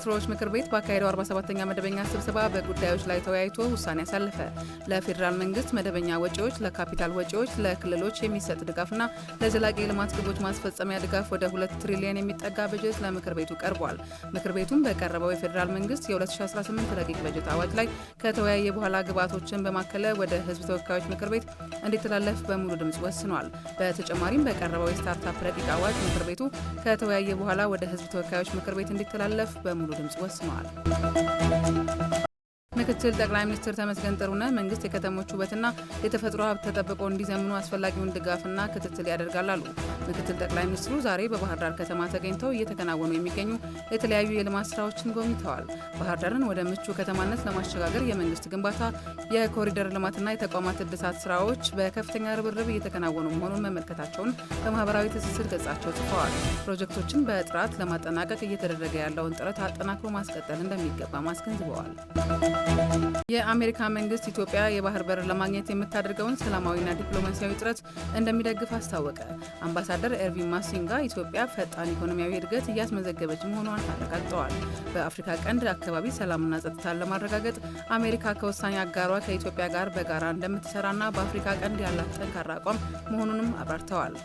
ሚኒስትሮች ምክር ቤት ባካሄደው 47ኛ መደበኛ ስብሰባ በጉዳዮች ላይ ተወያይቶ ውሳኔ አሳለፈ። ለፌዴራል መንግስት መደበኛ ወጪዎች፣ ለካፒታል ወጪዎች፣ ለክልሎች የሚሰጥ ድጋፍና ለዘላቂ ልማት ግቦች ማስፈጸሚያ ድጋፍ ወደ 2 ትሪሊየን የሚጠጋ በጀት ለምክር ቤቱ ቀርቧል። ምክር ቤቱም በቀረበው የፌዴራል መንግስት የ2018 ረቂቅ በጀት አዋጅ ላይ ከተወያየ በኋላ ግብዓቶችን በማከለ ወደ ህዝብ ተወካዮች ምክር ቤት እንዲተላለፍ በሙሉ ድምፅ ወስኗል። በተጨማሪም በቀረበው የስታርታፕ ረቂቅ አዋጅ ምክር ቤቱ ከተወያየ በኋላ ወደ ህዝብ ተወካዮች ምክር ቤት እንዲተላለፍ በሙሉ Noordums smart. ምክትል ጠቅላይ ሚኒስትር ተመስገን ጥሩነህ መንግስት የከተሞች ውበትና የተፈጥሮ ሀብት ተጠብቆ እንዲዘምኑ አስፈላጊውን ድጋፍና ክትትል ያደርጋል አሉ። ምክትል ጠቅላይ ሚኒስትሩ ዛሬ በባህር ዳር ከተማ ተገኝተው እየተከናወኑ የሚገኙ የተለያዩ የልማት ስራዎችን ጎብኝተዋል። ባህር ዳርን ወደ ምቹ ከተማነት ለማሸጋገር የመንግስት ግንባታ፣ የኮሪደር ልማትና የተቋማት እድሳት ስራዎች በከፍተኛ ርብርብ እየተከናወኑ መሆኑን መመልከታቸውን በማህበራዊ ትስስር ገጻቸው ጽፈዋል። ፕሮጀክቶችን በጥራት ለማጠናቀቅ እየተደረገ ያለውን ጥረት አጠናክሮ ማስቀጠል እንደሚገባም አስገንዝበዋል። የአሜሪካ መንግስት ኢትዮጵያ የባህር በር ለማግኘት የምታደርገውን ሰላማዊና ዲፕሎማሲያዊ ጥረት እንደሚደግፍ አስታወቀ። አምባሳደር ኤርቪን ማሲንጋ ኢትዮጵያ ፈጣን ኢኮኖሚያዊ እድገት እያስመዘገበች መሆኗን አረጋግጠዋል። በአፍሪካ ቀንድ አካባቢ ሰላምና ጸጥታን ለማረጋገጥ አሜሪካ ከወሳኝ አጋሯ ከኢትዮጵያ ጋር በጋራ እንደምትሰራና በአፍሪካ ቀንድ ያላት ጠንካራ አቋም መሆኑንም አብራርተዋል።